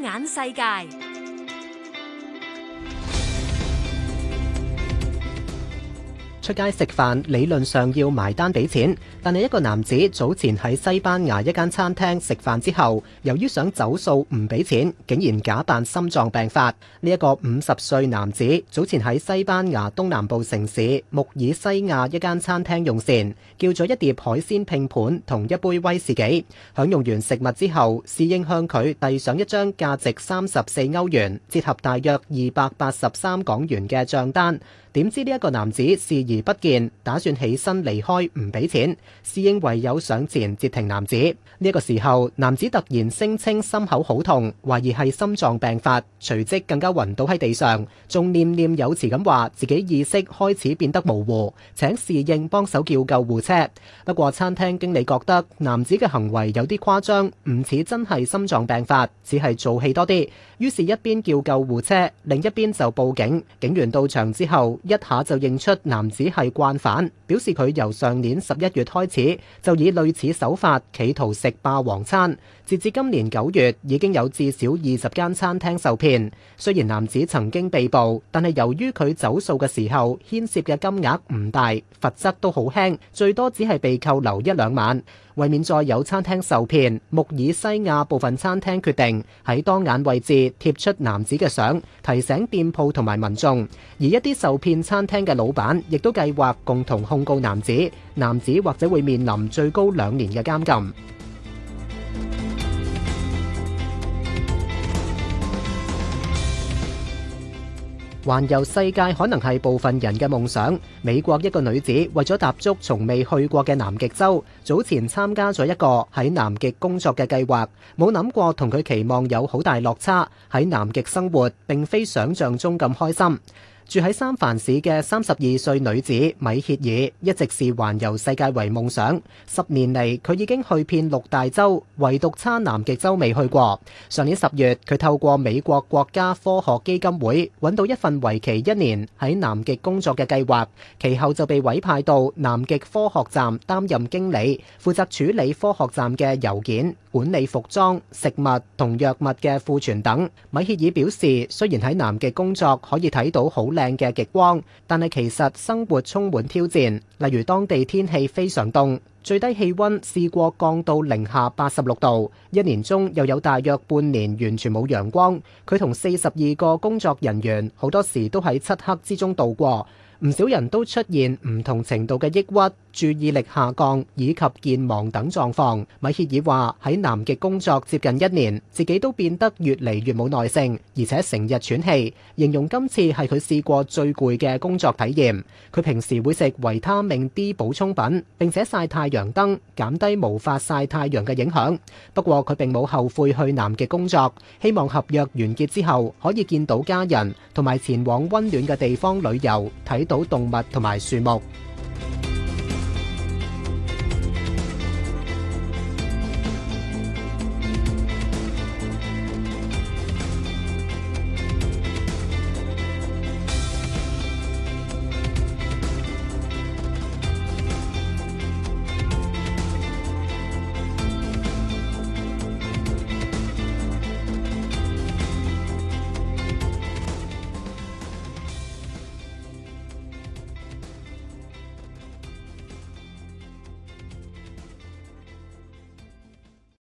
眼世界。出街食飯理論上要埋單俾錢，但係一個男子早前喺西班牙一間餐廳食飯之後，由於想走數唔俾錢，竟然假扮心臟病發。呢一個五十歲男子早前喺西班牙東南部城市穆爾西亞一間餐廳用膳，叫咗一碟海鮮拼盤同一杯威士忌，享用完食物之後，侍應向佢遞上一張價值三十四歐元，折合大約二百八十三港元嘅帳單。點知呢一個男子試而不見，打算起身離開，唔俾錢。侍應唯有上前截停男子。呢個時候，男子突然聲稱心口好痛，懷疑係心臟病發，隨即更加暈倒喺地上，仲念念有詞咁話自己意識開始變得模糊，請侍應幫手叫救護車。不過餐廳經理覺得男子嘅行為有啲誇張，唔似真係心臟病發，只係做戲多啲。於是，一邊叫救護車，另一邊就報警。警員到場之後，一下就認出男子。只係慣犯，表示佢由上年十一月開始就以類似手法企圖食霸王餐，截至今年九月已經有至少二十間餐廳受騙。雖然男子曾經被捕，但係由於佢走數嘅時候牽涉嘅金額唔大，罰則都好輕，最多只係被扣留一兩晚。為免再有餐廳受騙，穆爾西亞部分餐廳決定喺當眼位置貼出男子嘅相，提醒店鋪同埋民眾。而一啲受騙餐廳嘅老闆亦都，計劃共同控告男子，男子或者會面臨最高兩年嘅監禁。環遊世界可能係部分人嘅夢想。美國一個女子為咗踏足從未去過嘅南極洲，早前參加咗一個喺南極工作嘅計劃，冇諗過同佢期望有好大落差。喺南極生活，並非想象中咁開心。住喺三藩市嘅三十二歲女子米歇爾，一直視環遊世界為夢想。十年嚟，佢已經去遍六大洲，唯獨差南極洲未去過。上年十月，佢透過美國國家科學基金會揾到一份為期一年喺南極工作嘅計劃，其後就被委派到南極科學站擔任經理，負責處理科學站嘅郵件、管理服裝、食物同藥物嘅庫存等。米歇爾表示，雖然喺南極工作可以睇到好靚嘅極光，但係其實生活充滿挑戰。例如當地天氣非常凍，最低氣温試過降到零下八十六度，一年中又有大約半年完全冇陽光。佢同四十二個工作人員，好多時都喺漆黑之中度過。唔少人都出現唔同程度嘅抑鬱、注意力下降以及健忘等狀況。米歇爾話：喺南極工作接近一年，自己都變得越嚟越冇耐性，而且成日喘氣，形容今次係佢試過最攰嘅工作體驗。佢平時會食維他命 D 補充品，並且曬太陽燈，減低無法曬太陽嘅影響。不過佢並冇後悔去南極工作，希望合約完結之後可以見到家人，同埋前往温暖嘅地方旅遊睇到動物同埋樹木。